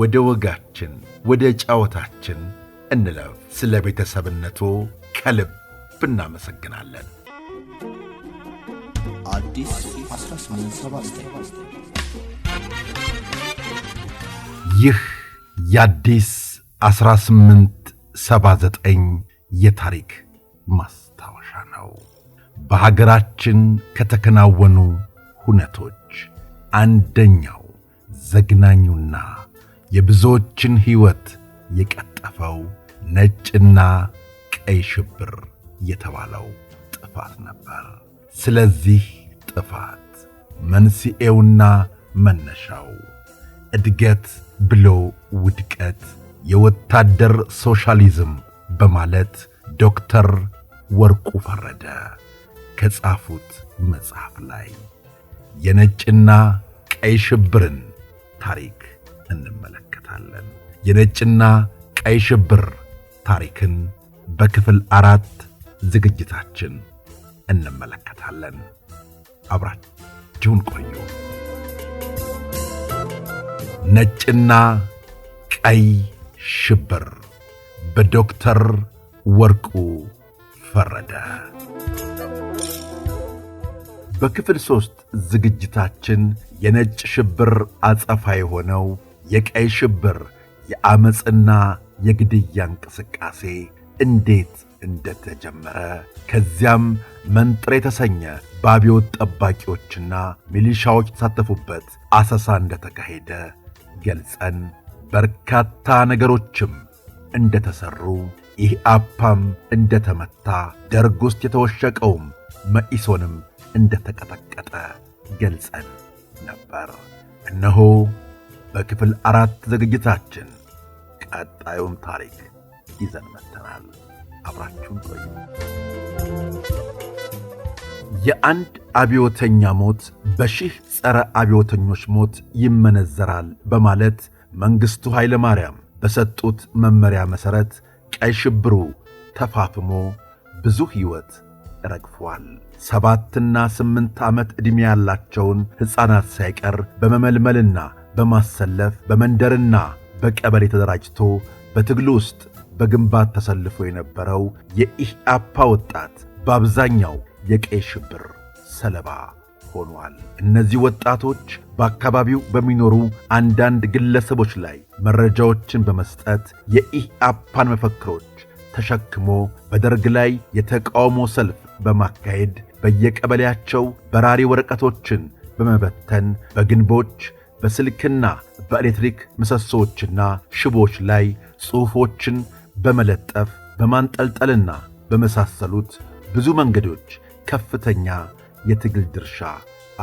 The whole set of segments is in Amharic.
ወደ ወጋችን ወደ ጫወታችን እንለፍ። ስለ ቤተሰብነቱ ከልብ እናመሰግናለን። ይህ የአዲስ 1879 የታሪክ ማስታወሻ ነው። በሀገራችን ከተከናወኑ ሁነቶች አንደኛው ዘግናኙና የብዙዎችን ሕይወት የቀጠፈው ነጭና ቀይ ሽብር የተባለው ጥፋት ነበር። ስለዚህ ጥፋት መንስኤውና መነሻው እድገት ብሎ ውድቀት፣ የወታደር ሶሻሊዝም በማለት ዶክተር ወርቁ ፈረደ ከጻፉት መጽሐፍ ላይ የነጭና ቀይ ሽብርን ታሪክ እንመለከታለን። የነጭና ቀይ ሽብር ታሪክን በክፍል አራት ዝግጅታችን እንመለከታለን። አብራችሁን ቆዩ። ነጭና ቀይ ሽብር በዶክተር ወርቁ ፈረደ። በክፍል ሦስት ዝግጅታችን የነጭ ሽብር አጸፋ የሆነው የቀይ ሽብር የአመፅና የግድያ እንቅስቃሴ እንዴት እንደተጀመረ ከዚያም መንጥር የተሰኘ በአብዮት ጠባቂዎችና ሚሊሻዎች የተሳተፉበት አሰሳ እንደተካሄደ ገልጸን በርካታ ነገሮችም እንደተሰሩ ይህ አፓም እንደተመታ ደርግ ውስጥ የተወሸቀውም መኢሶንም እንደተቀጠቀጠ ገልጸን ነበር። እነሆ በክፍል አራት ዝግጅታችን ቀጣዩን ታሪክ ይዘን መጥተናል። አብራችሁን ቆዩ። የአንድ አብዮተኛ ሞት በሺህ ጸረ አብዮተኞች ሞት ይመነዘራል በማለት መንግሥቱ ኃይለ ማርያም በሰጡት መመሪያ መሠረት ቀይ ሽብሩ ተፋፍሞ ብዙ ሕይወት ረግፏል። ሰባትና ስምንት ዓመት ዕድሜ ያላቸውን ሕፃናት ሳይቀር በመመልመልና በማሰለፍ በመንደርና በቀበሌ ተደራጅቶ በትግል ውስጥ በግንባር ተሰልፎ የነበረው የኢህአፓ ወጣት በአብዛኛው የቀይ ሽብር ሰለባ ሆኗል። እነዚህ ወጣቶች በአካባቢው በሚኖሩ አንዳንድ ግለሰቦች ላይ መረጃዎችን በመስጠት የኢህአፓን መፈክሮች ተሸክሞ በደርግ ላይ የተቃውሞ ሰልፍ በማካሄድ በየቀበሌያቸው በራሪ ወረቀቶችን በመበተን በግንቦች በስልክና በኤሌክትሪክ ምሰሶዎችና ሽቦች ላይ ጽሑፎችን በመለጠፍ በማንጠልጠልና በመሳሰሉት ብዙ መንገዶች ከፍተኛ የትግል ድርሻ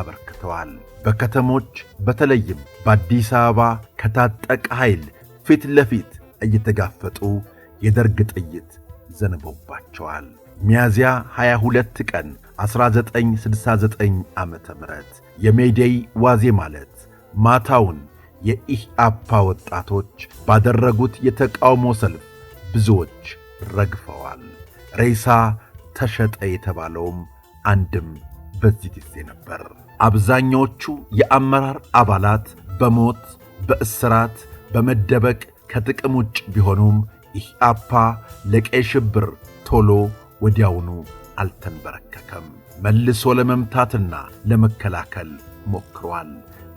አበርክተዋል። በከተሞች በተለይም በአዲስ አበባ ከታጠቀ ኃይል ፊት ለፊት እየተጋፈጡ የደርግ ጥይት ዘንቦባቸዋል። ሚያዝያ 22 ቀን 1969 ዓ ም የሜዴይ ዋዜ ማለት ማታውን የኢህአፓ ወጣቶች ባደረጉት የተቃውሞ ሰልፍ ብዙዎች ረግፈዋል። ሬሳ ተሸጠ የተባለውም አንድም በዚህ ጊዜ ነበር። አብዛኛዎቹ የአመራር አባላት በሞት በእስራት፣ በመደበቅ ከጥቅም ውጭ ቢሆኑም ኢህአፓ ለቀይ ሽብር ቶሎ ወዲያውኑ አልተንበረከከም። መልሶ ለመምታትና ለመከላከል ሞክሯል።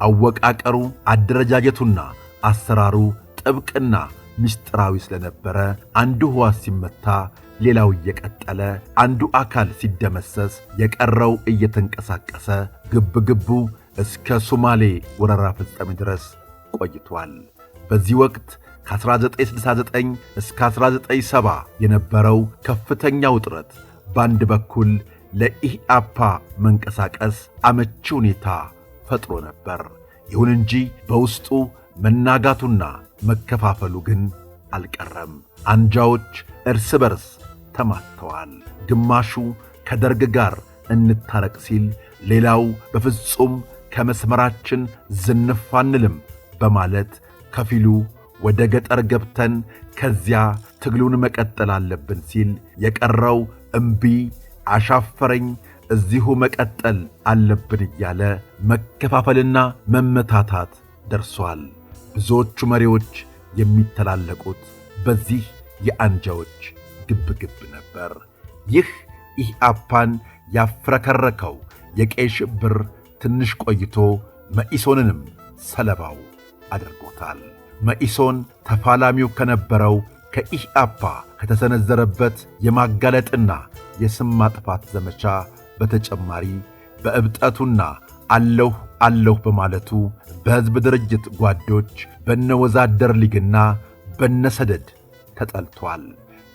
አወቃቀሩ፣ አደረጃጀቱና አሰራሩ ጥብቅና ምስጢራዊ ስለነበረ አንዱ ሕዋስ ሲመታ ሌላው እየቀጠለ አንዱ አካል ሲደመሰስ የቀረው እየተንቀሳቀሰ ግብግቡ እስከ ሶማሌ ወረራ ፍጻሜ ድረስ ቆይቷል። በዚህ ወቅት ከ1969 እስከ 1970 የነበረው ከፍተኛ ውጥረት በአንድ በኩል ለኢህአፓ መንቀሳቀስ አመቺ ሁኔታ ፈጥሮ ነበር። ይሁን እንጂ በውስጡ መናጋቱና መከፋፈሉ ግን አልቀረም። አንጃዎች እርስ በርስ ተማተዋል። ግማሹ ከደርግ ጋር እንታረቅ ሲል፣ ሌላው በፍጹም ከመስመራችን ዝንፍ አንልም በማለት ከፊሉ ወደ ገጠር ገብተን ከዚያ ትግሉን መቀጠል አለብን ሲል፣ የቀረው እምቢ አሻፈረኝ እዚሁ መቀጠል አለብን እያለ መከፋፈልና መመታታት ደርሷል። ብዙዎቹ መሪዎች የሚተላለቁት በዚህ የአንጃዎች ግብግብ ነበር። ይህ ኢህአፓን ያፍረከረከው የቀይ ሽብር ትንሽ ቆይቶ መኢሶንንም ሰለባው አድርጎታል። መኢሶን ተፋላሚው ከነበረው ከኢህአፓ ከተሰነዘረበት የማጋለጥና የስም ማጥፋት ዘመቻ በተጨማሪ በእብጠቱና አለሁ አለሁ በማለቱ በሕዝብ ድርጅት ጓዶች በነወዛደር ሊግና በነሰደድ ሰደድ ተጠልቷል።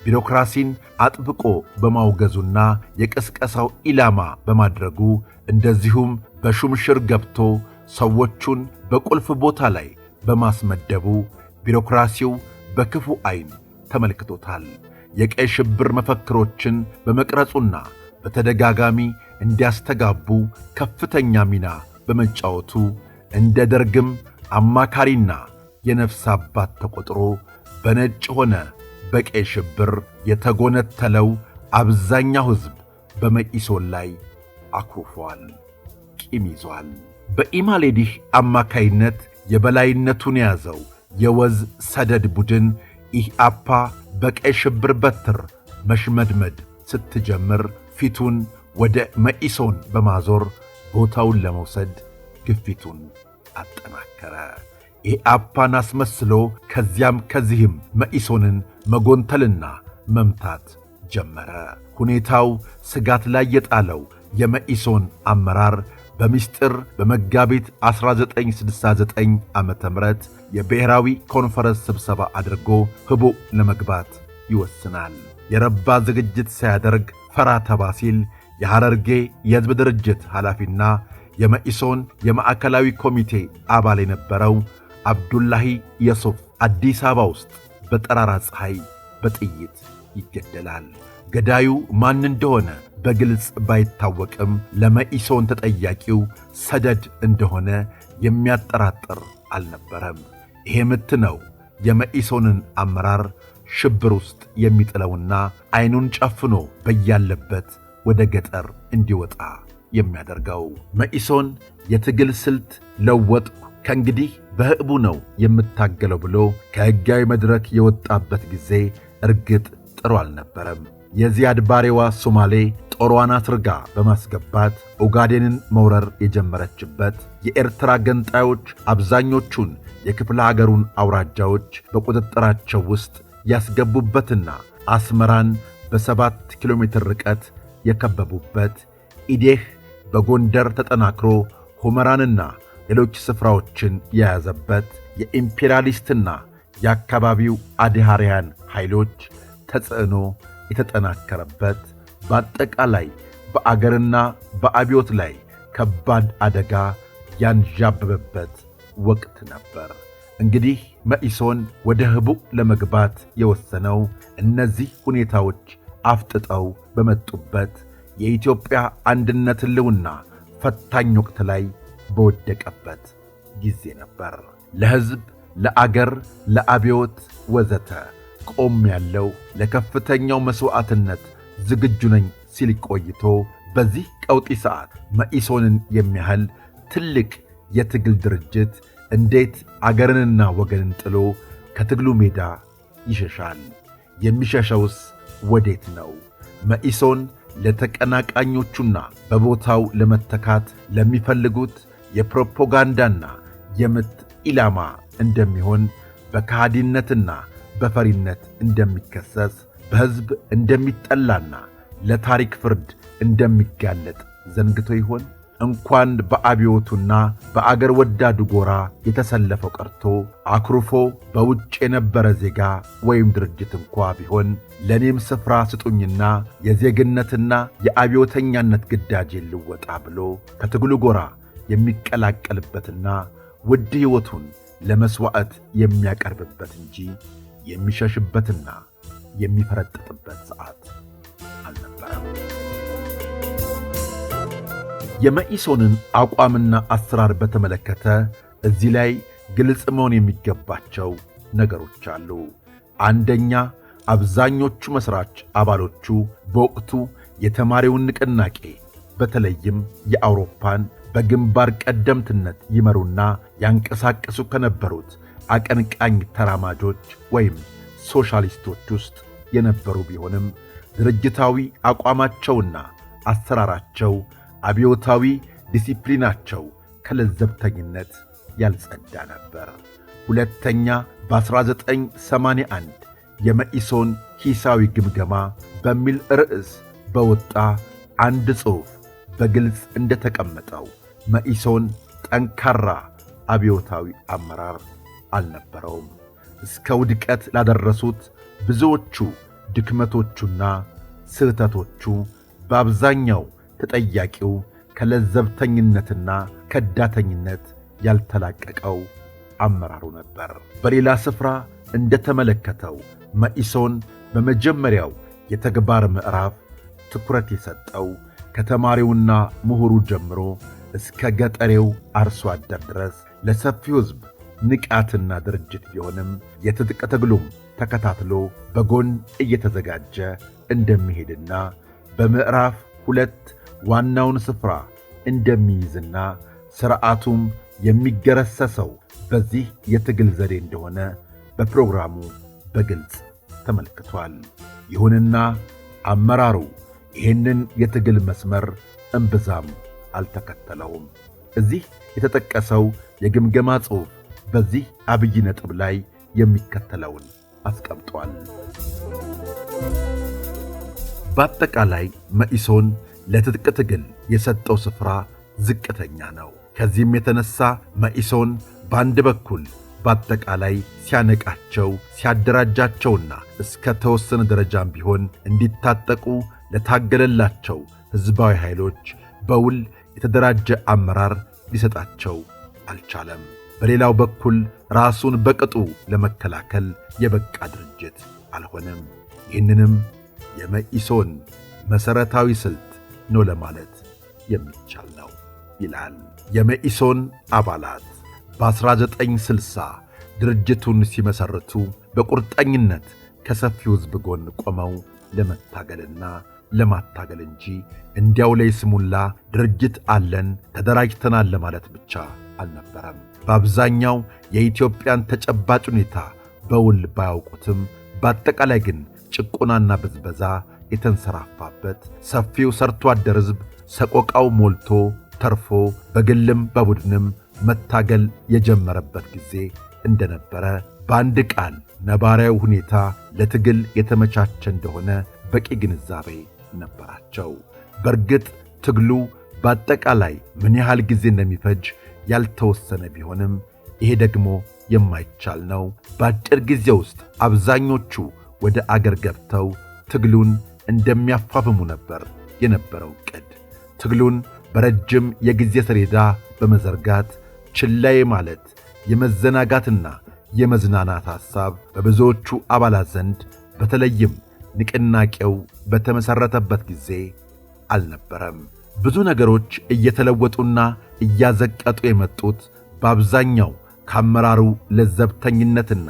ቢሮክራሲን አጥብቆ በማውገዙና የቀስቀሳው ኢላማ በማድረጉ እንደዚሁም በሹምሽር ገብቶ ሰዎቹን በቁልፍ ቦታ ላይ በማስመደቡ ቢሮክራሲው በክፉ ዐይን ተመልክቶታል። የቀይ ሽብር መፈክሮችን በመቅረጹና በተደጋጋሚ እንዲያስተጋቡ ከፍተኛ ሚና በመጫወቱ እንደ ደርግም አማካሪና የነፍስ አባት ተቆጥሮ በነጭ ሆነ በቀይ ሽብር የተጎነተለው አብዛኛው ሕዝብ በመኢሶን ላይ አኩርፏል፣ ቂም ይዟል። በኢማሌዲህ አማካይነት የበላይነቱን የያዘው የወዝ ሰደድ ቡድን ኢህአፓ በቀይ ሽብር በትር መሽመድመድ ስትጀምር ፊቱን ወደ መኢሶን በማዞር ቦታውን ለመውሰድ ግፊቱን አጠናከረ። ኢአፓን አስመስሎ ከዚያም ከዚህም መኢሶንን መጎንተልና መምታት ጀመረ። ሁኔታው ስጋት ላይ የጣለው የመኢሶን አመራር በምስጢር በመጋቢት 1969 ዓ ም የብሔራዊ ኮንፈረንስ ስብሰባ አድርጎ ህቡዕ ለመግባት ይወስናል። የረባ ዝግጅት ሳያደርግ ፈራ ተባ ሲል የሐረርጌ የሕዝብ ድርጅት ኃላፊና የመኢሶን የማዕከላዊ ኮሚቴ አባል የነበረው አብዱላሂ የሱፍ አዲስ አበባ ውስጥ በጠራራ ፀሐይ በጥይት ይገደላል። ገዳዩ ማን እንደሆነ በግልጽ ባይታወቅም ለመኢሶን ተጠያቂው ሰደድ እንደሆነ የሚያጠራጥር አልነበረም። ይሄ ምት ነው የመኢሶንን አመራር ሽብር ውስጥ የሚጥለውና ዐይኑን ጨፍኖ በያለበት ወደ ገጠር እንዲወጣ የሚያደርገው መኢሶን የትግል ስልት ለወጥኩ ከእንግዲህ በሕቡ ነው የምታገለው ብሎ ከሕጋዊ መድረክ የወጣበት ጊዜ እርግጥ ጥሩ አልነበረም። የዚያድ ባሬዋ ሶማሌ ጦሯን አስርጋ በማስገባት ኦጋዴንን መውረር የጀመረችበት፣ የኤርትራ ገንጣዮች አብዛኞቹን የክፍለ አገሩን አውራጃዎች በቁጥጥራቸው ውስጥ ያስገቡበትና አስመራን በሰባት ኪሎ ሜትር ርቀት የከበቡበት ኢዴህ በጎንደር ተጠናክሮ ሁመራንና ሌሎች ስፍራዎችን የያዘበት የኢምፔሪያሊስትና የአካባቢው አድሃሪያን ኃይሎች ተጽዕኖ የተጠናከረበት በአጠቃላይ በአገርና በአብዮት ላይ ከባድ አደጋ ያንዣበበበት ወቅት ነበር። እንግዲህ መኢሶን ወደ ህቡ ለመግባት የወሰነው እነዚህ ሁኔታዎች አፍጥጠው በመጡበት የኢትዮጵያ አንድነት ሕልውና ፈታኝ ወቅት ላይ በወደቀበት ጊዜ ነበር። ለሕዝብ፣ ለአገር፣ ለአብዮት ወዘተ ቆም ያለው ለከፍተኛው መሥዋዕትነት ዝግጁ ነኝ ሲል ቆይቶ በዚህ ቀውጢ ሰዓት መኢሶንን የሚያህል ትልቅ የትግል ድርጅት እንዴት አገርንና ወገንን ጥሎ ከትግሉ ሜዳ ይሸሻል? የሚሸሸውስ ወዴት ነው? መኢሶን ለተቀናቃኞቹና በቦታው ለመተካት ለሚፈልጉት የፕሮፓጋንዳና የምት ኢላማ እንደሚሆን፣ በካሃዲነትና በፈሪነት እንደሚከሰስ፣ በሕዝብ እንደሚጠላና ለታሪክ ፍርድ እንደሚጋለጥ ዘንግቶ ይሆን? እንኳን በአብዮቱና በአገር ወዳዱ ጎራ የተሰለፈው ቀርቶ አኩርፎ በውጭ የነበረ ዜጋ ወይም ድርጅት እንኳ ቢሆን ለእኔም ስፍራ ስጡኝና የዜግነትና የአብዮተኛነት ግዳጅ ልወጣ ብሎ ከትግሉ ጎራ የሚቀላቀልበትና ውድ ሕይወቱን ለመሥዋዕት የሚያቀርብበት እንጂ የሚሸሽበትና የሚፈረጥጥበት ሰዓት አልነበረም። የመኢሶንን አቋምና አሰራር በተመለከተ እዚህ ላይ ግልጽ መሆን የሚገባቸው ነገሮች አሉ። አንደኛ፣ አብዛኞቹ መሥራች አባሎቹ በወቅቱ የተማሪውን ንቅናቄ በተለይም የአውሮፓን በግንባር ቀደምትነት ይመሩና ያንቀሳቀሱ ከነበሩት አቀንቃኝ ተራማጆች ወይም ሶሻሊስቶች ውስጥ የነበሩ ቢሆንም ድርጅታዊ አቋማቸውና አሰራራቸው አብዮታዊ ዲሲፕሊናቸው ከለዘብተኝነት ያልጸዳ ነበር። ሁለተኛ በ1981 የመኢሶን ሂሳዊ ግምገማ በሚል ርዕስ በወጣ አንድ ጽሑፍ በግልጽ እንደተቀመጠው መኢሶን ጠንካራ አብዮታዊ አመራር አልነበረውም። እስከ ውድቀት ላደረሱት ብዙዎቹ ድክመቶቹና ስህተቶቹ በአብዛኛው ተጠያቂው ከለዘብተኝነትና ከዳተኝነት ያልተላቀቀው አመራሩ ነበር። በሌላ ስፍራ እንደተመለከተው መኢሶን በመጀመሪያው የተግባር ምዕራፍ ትኩረት የሰጠው ከተማሪውና ምሁሩ ጀምሮ እስከ ገጠሬው አርሶ አደር ድረስ ለሰፊው ሕዝብ ንቃትና ድርጅት ቢሆንም የትጥቅ ትግሉም ተከታትሎ በጎን እየተዘጋጀ እንደሚሄድና በምዕራፍ ሁለት ዋናውን ስፍራ እንደሚይዝና ሥርዓቱም የሚገረሰሰው በዚህ የትግል ዘዴ እንደሆነ በፕሮግራሙ በግልጽ ተመልክቷል። ይሁንና አመራሩ ይህንን የትግል መስመር እምብዛም አልተከተለውም። እዚህ የተጠቀሰው የግምገማ ጽሑፍ በዚህ አብይ ነጥብ ላይ የሚከተለውን አስቀምጧል። በአጠቃላይ መኢሶን ለትጥቅ ትግል የሰጠው ስፍራ ዝቅተኛ ነው። ከዚህም የተነሳ መኢሶን በአንድ በኩል በአጠቃላይ ሲያነቃቸው ሲያደራጃቸውና እስከ ተወሰነ ደረጃም ቢሆን እንዲታጠቁ ለታገለላቸው ሕዝባዊ ኃይሎች በውል የተደራጀ አመራር ሊሰጣቸው አልቻለም። በሌላው በኩል ራሱን በቅጡ ለመከላከል የበቃ ድርጅት አልሆነም። ይህንንም የመኢሶን መሠረታዊ ስልት ነው ለማለት የሚቻል ነው ይላል። የመኢሶን አባላት በ1960 ድርጅቱን ሲመሰርቱ በቁርጠኝነት ከሰፊው ሕዝብ ጎን ቆመው ለመታገልና ለማታገል እንጂ እንዲያው ላይ ስሙላ ድርጅት አለን ተደራጅተናል ለማለት ብቻ አልነበረም። በአብዛኛው የኢትዮጵያን ተጨባጭ ሁኔታ በውል ባያውቁትም፣ በአጠቃላይ ግን ጭቆናና ብዝበዛ የተንሰራፋበት ሰፊው ሰርቶ አደር ሕዝብ ሰቆቃው ሞልቶ ተርፎ በግልም በቡድንም መታገል የጀመረበት ጊዜ እንደነበረ በአንድ ቃል ነባሪያው ሁኔታ ለትግል የተመቻቸ እንደሆነ በቂ ግንዛቤ ነበራቸው። በእርግጥ ትግሉ በአጠቃላይ ምን ያህል ጊዜ እንደሚፈጅ ያልተወሰነ ቢሆንም ይሄ ደግሞ የማይቻል ነው። በአጭር ጊዜ ውስጥ አብዛኞቹ ወደ አገር ገብተው ትግሉን እንደሚያፋብሙ ነበር የነበረው ዕቅድ። ትግሉን በረጅም የጊዜ ሰሌዳ በመዘርጋት ችላይ ማለት የመዘናጋትና የመዝናናት ሐሳብ በብዙዎቹ አባላት ዘንድ በተለይም ንቅናቄው በተመሠረተበት ጊዜ አልነበረም። ብዙ ነገሮች እየተለወጡና እያዘቀጡ የመጡት በአብዛኛው ከአመራሩ ለዘብተኝነትና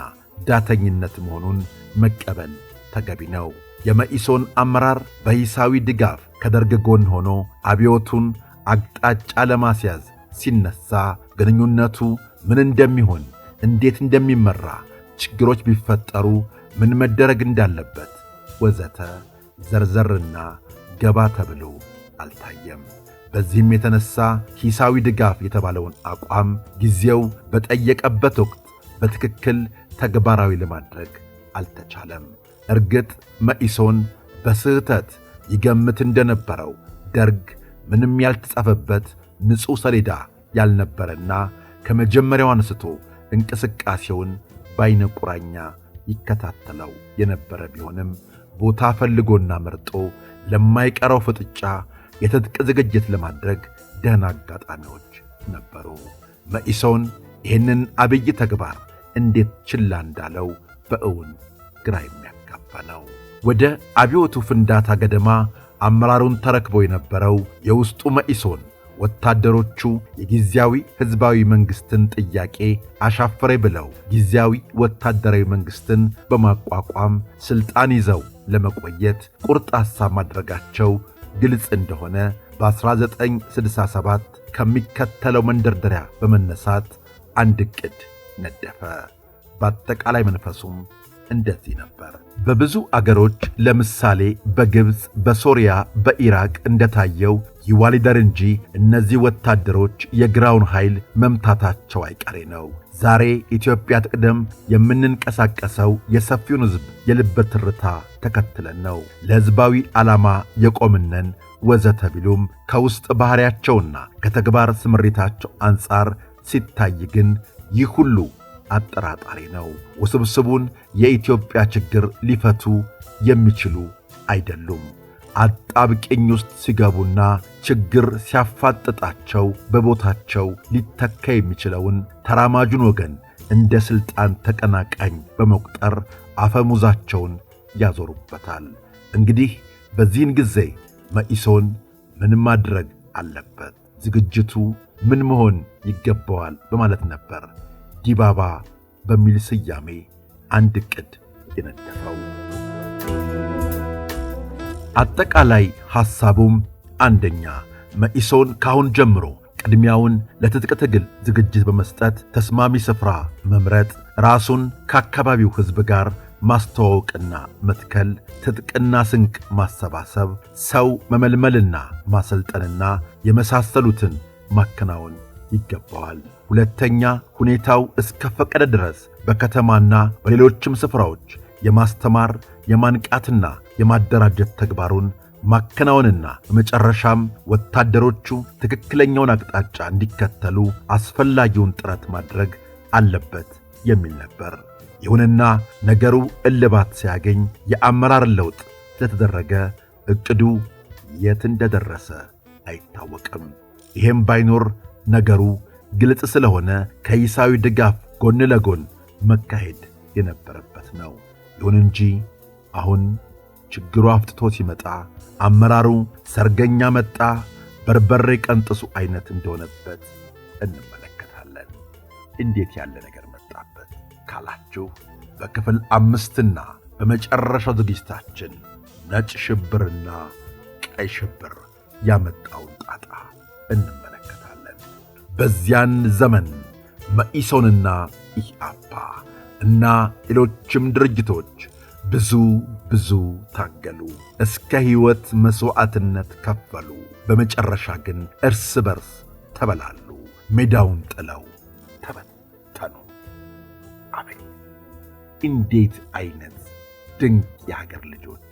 ዳተኝነት መሆኑን መቀበል ተገቢ ነው። የመኢሶን አመራር በሂሳዊ ድጋፍ ከደርግ ጎን ሆኖ አብዮቱን አቅጣጫ ለማስያዝ ሲነሳ ግንኙነቱ ምን እንደሚሆን፣ እንዴት እንደሚመራ፣ ችግሮች ቢፈጠሩ ምን መደረግ እንዳለበት ወዘተ ዘርዘርና ገባ ተብሎ አልታየም። በዚህም የተነሳ ሂሳዊ ድጋፍ የተባለውን አቋም ጊዜው በጠየቀበት ወቅት በትክክል ተግባራዊ ለማድረግ አልተቻለም። እርግጥ መኢሶን በስህተት ይገምት እንደነበረው ደርግ ምንም ያልተጻፈበት ንጹሕ ሰሌዳ ያልነበረና ከመጀመሪያው አንስቶ እንቅስቃሴውን በዐይነ ቁራኛ ይከታተለው የነበረ ቢሆንም ቦታ ፈልጎና መርጦ ለማይቀረው ፍጥጫ የትጥቅ ዝግጅት ለማድረግ ደህና አጋጣሚዎች ነበሩ። መኢሶን ይህንን አብይ ተግባር እንዴት ችላ እንዳለው በእውን ግራ የሚያ እየተገፋ ነው። ወደ አብዮቱ ፍንዳታ ገደማ አመራሩን ተረክቦ የነበረው የውስጡ መኢሶን ወታደሮቹ የጊዜያዊ ሕዝባዊ መንግሥትን ጥያቄ አሻፈሬ ብለው ጊዜያዊ ወታደራዊ መንግሥትን በማቋቋም ሥልጣን ይዘው ለመቆየት ቁርጣሳ ማድረጋቸው ግልጽ እንደሆነ በ1967 ከሚከተለው መንደርደሪያ በመነሳት አንድ ዕቅድ ነደፈ። በአጠቃላይ መንፈሱም እንደዚህ ነበር። በብዙ አገሮች ለምሳሌ በግብፅ፣ በሶሪያ፣ በኢራቅ እንደታየው ይዋሊደር እንጂ እነዚህ ወታደሮች የግራውን ኃይል መምታታቸው አይቀሬ ነው። ዛሬ ኢትዮጵያ ትቅደም የምንንቀሳቀሰው የሰፊውን ሕዝብ የልብ ትርታ ተከትለን ነው። ለሕዝባዊ ዓላማ የቆምነን ወዘተ ቢሉም ከውስጥ ባሕሪያቸውና ከተግባር ስምሪታቸው አንጻር ሲታይ ግን ይህ ሁሉ አጠራጣሪ ነው። ውስብስቡን የኢትዮጵያ ችግር ሊፈቱ የሚችሉ አይደሉም። አጣብቅኝ ውስጥ ሲገቡና ችግር ሲያፋጥጣቸው በቦታቸው ሊተካ የሚችለውን ተራማጁን ወገን እንደ ሥልጣን ተቀናቃኝ በመቁጠር አፈሙዛቸውን ያዞሩበታል። እንግዲህ በዚህን ጊዜ መኢሶን ምን ማድረግ አለበት? ዝግጅቱ ምን መሆን ይገባዋል? በማለት ነበር ዲባባ በሚል ስያሜ አንድ ዕቅድ የነደፈው። አጠቃላይ ሐሳቡም አንደኛ መኢሶን ካሁን ጀምሮ ቅድሚያውን ለትጥቅ ትግል ዝግጅት በመስጠት ተስማሚ ስፍራ መምረጥ፣ ራሱን ከአካባቢው ሕዝብ ጋር ማስተዋወቅና መትከል፣ ትጥቅና ስንቅ ማሰባሰብ፣ ሰው መመልመልና ማሰልጠንና የመሳሰሉትን ማከናወን ይገባዋል። ሁለተኛ ሁኔታው እስከፈቀደ ድረስ በከተማና በሌሎችም ስፍራዎች የማስተማር የማንቃትና የማደራጀት ተግባሩን ማከናወንና በመጨረሻም ወታደሮቹ ትክክለኛውን አቅጣጫ እንዲከተሉ አስፈላጊውን ጥረት ማድረግ አለበት የሚል ነበር። ይሁንና ነገሩ እልባት ሲያገኝ የአመራር ለውጥ ስለተደረገ እቅዱ የት እንደደረሰ አይታወቅም። ይህም ባይኖር ነገሩ ግልጽ ስለሆነ ከይሳዊ ድጋፍ ጎን ለጎን መካሄድ የነበረበት ነው። ይሁን እንጂ አሁን ችግሩ አፍጥቶ ሲመጣ አመራሩ ሰርገኛ መጣ በርበሬ ቀንጥሱ አይነት እንደሆነበት እንመለከታለን። እንዴት ያለ ነገር መጣበት ካላችሁ በክፍል አምስትና በመጨረሻው ዝግጅታችን ነጭ ሽብርና ቀይ ሽብር ያመጣውን ጣጣ እንመለከታለን። በዚያን ዘመን መኢሶንና ኢአፓ እና ሌሎችም ድርጅቶች ብዙ ብዙ ታገሉ፣ እስከ ሕይወት መሥዋዕትነት ከፈሉ። በመጨረሻ ግን እርስ በርስ ተበላሉ፣ ሜዳውን ጥለው ተበተኑ። አቤት እንዴት ዐይነት ድንቅ የሀገር ልጆች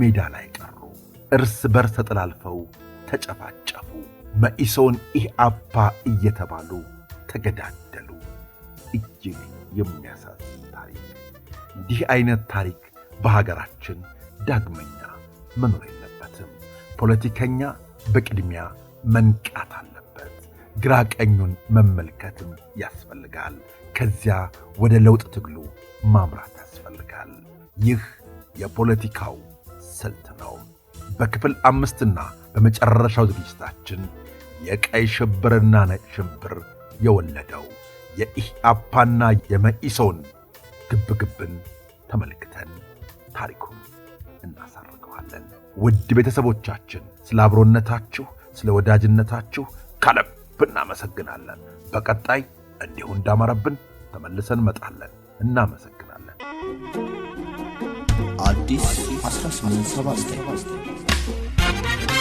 ሜዳ ላይ ቀሩ! እርስ በርስ ተጠላልፈው ተጨፋጨፉ። መኢሶን ኢህአፓ እየተባሉ ተገዳደሉ። እጅግ የሚያሳዝን ታሪክ። እንዲህ አይነት ታሪክ በሀገራችን ዳግመኛ መኖር የለበትም። ፖለቲከኛ በቅድሚያ መንቃት አለበት። ግራ ቀኙን መመልከትም ያስፈልጋል። ከዚያ ወደ ለውጥ ትግሉ ማምራት ያስፈልጋል። ይህ የፖለቲካው ስልት ነው። በክፍል አምስትና በመጨረሻው ዝግጅታችን የቀይ ሽብርና ነጭ ሽብር የወለደው የኢህአፓና የመኢሶን ግብግብን ተመልክተን ታሪኩን እናሳርገዋለን። ውድ ቤተሰቦቻችን ስለ አብሮነታችሁ፣ ስለ ወዳጅነታችሁ ከልብ እናመሰግናለን። በቀጣይ እንዲሁ እንዳማረብን ተመልሰን መጣለን። እናመሰግናለን። አዲስ 1879 Thank you.